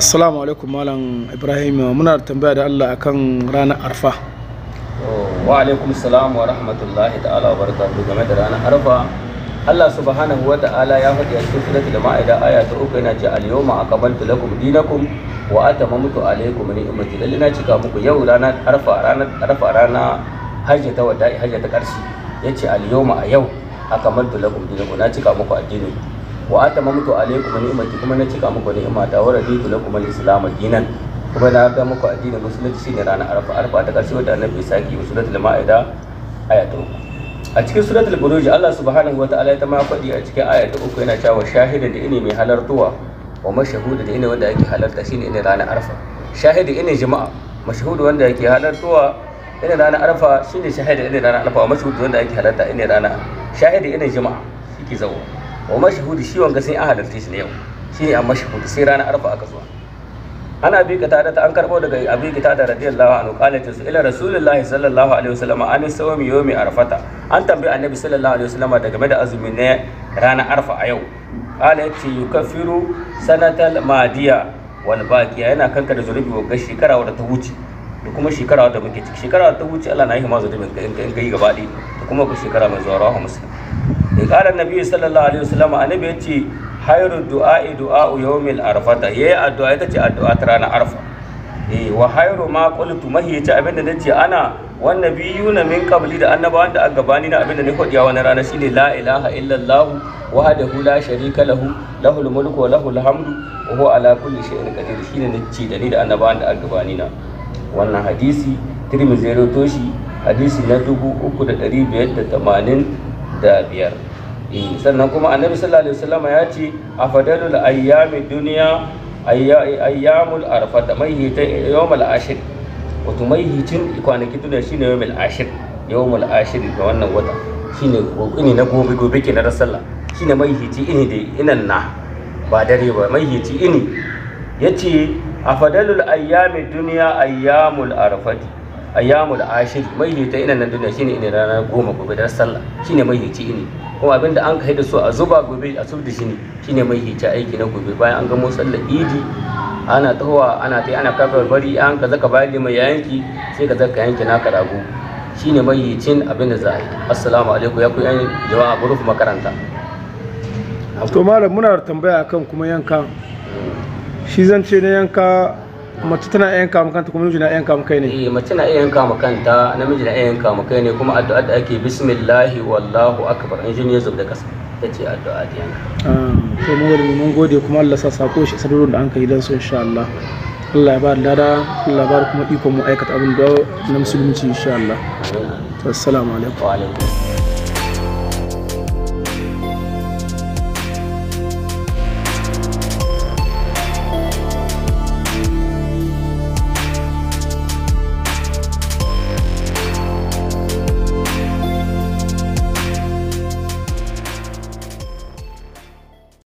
assalamu alaikum malam ibrahim muna da tambaya da allah akan ranar arfa wa alaikum salam wa rahmatullahi ta'ala wa barakatuhu game da ranar arfa Allah subhanahu wa ta'ala ya faɗi a cikin suratul ma'ida aya ta uku yana ce al-yawma aqbaltu lakum dinakum wa atamamtu alaykum ni'mati lalle na cika muku yau ranar arfa ranar arfa rana hajja ta wada'i hajja ta ƙarshe yace al-yawma a yau aqbaltu lakum dinakum na cika muku addini wa atamamtu alaikum ni'mati kuma na cika muku ni'ima ta wa raditu lakum al-islam dinan kuma na ga muku addinin musulunci shine ranar arfa arfa ta karshe wata annabi saki suratul maida aya ta uku a cikin suratul buruj Allah subhanahu wa ta'ala ta ma faɗi a cikin aya ta uku yana cewa shahida da ini mai halartuwa wa mashahuda da ini wanda yake halarta shine ina ranar arfa shahida ini jama'a mashahuda wanda yake halartuwa ina ranar arfa shine shahida ina ranar arfa mashi wanda yake halarta irin ranar shahida irin jima'a shi ke zauwa wa mashhudu shi wanga sai an halarce shi ne yau shine an mashhudu sai ranar arfa aka zuwa ana bi tada ta an karbo daga abi katada radiyallahu anhu qala ta ila rasulullahi sallallahu alaihi wasallam an sawmi yawmi arfata an tambayi annabi sallallahu alaihi wasallam daga game da azumi ne ranar arfa a yau qala yace yukaffiru sanatal madiya wal baqiya yana kanka da zulubi wa shekara wadda ta wuce da kuma shekara wadda muke ciki shekara wadda ta wuce Allah na yi ma in kai gaba da kuma shekara mai zuwa rawahu muslim da ƙarar nabi sallallahu alaihi wasallam annabi ya ce hayru du'a'i du'a'u yawmil arfata yayi addu'a ita ce addu'a ta ranar arfa eh wa hayru ma qultu mahi yace abinda nace ana wan nabiyuna min qabli da annabawan da aka gabani na abinda ne kodiya wannan rana shine la ilaha illallah wahdahu la sharika lahu lahul mulku wa lahul hamdu wa huwa ala kulli shay'in qadir shine nace da ni da annabawan da aka gabani na wannan hadisi tirmidhi ya rawaito shi hadisi na 3580 da biyar e, sannan kuma annabi sallallahu alaihi wasallam ya ce afdalul ayyami duniya ayyamul arfata mai hita yawmul ashir wato mai hitin kwanaki duniya shine yawmul ashir yawmul ashir ga wannan wata shine ini na gobe gobe ke na sallah shine mai hiti ini da inan na ba dare ba mai hiti ini yace afdalul ayyami duniya ayyamul arfati ayyamul ashir maidaita ina nan duniya shine ina rana goma gobe da sallah shine maidaici ine kuma abin da an kai da su a zuba gobe a subda shine shine maidaici aiki na gobe bayan an gamo sallar idi ana tahowa ana tai ana kafar bari an ka zaka bayar mai yanki sai ka zaka yanki naka rago shine maidaicin abin da za a yi assalamu alaikum ya ku yan jama'a guruf makaranta to malam muna da tambaya akan kuma yanka shi zance na yanka mace tana iya yanka kanta kuma namiji na iya yanka kai ne eh mace na iya yanka kanta namiji na iya yanka kai ne kuma addu'a da ake bismillahi wallahu akbar in jini ya zubda kasa ta ce addu'a ta yanka ah, to mu gode mun gode kuma Allah sa sako shi sadurin da an kai dan so insha Allah Allah ya ba da lada Allah ba kuma iko mu aikata abin da na musulunci insha Allah assalamu alaikum wa alaikum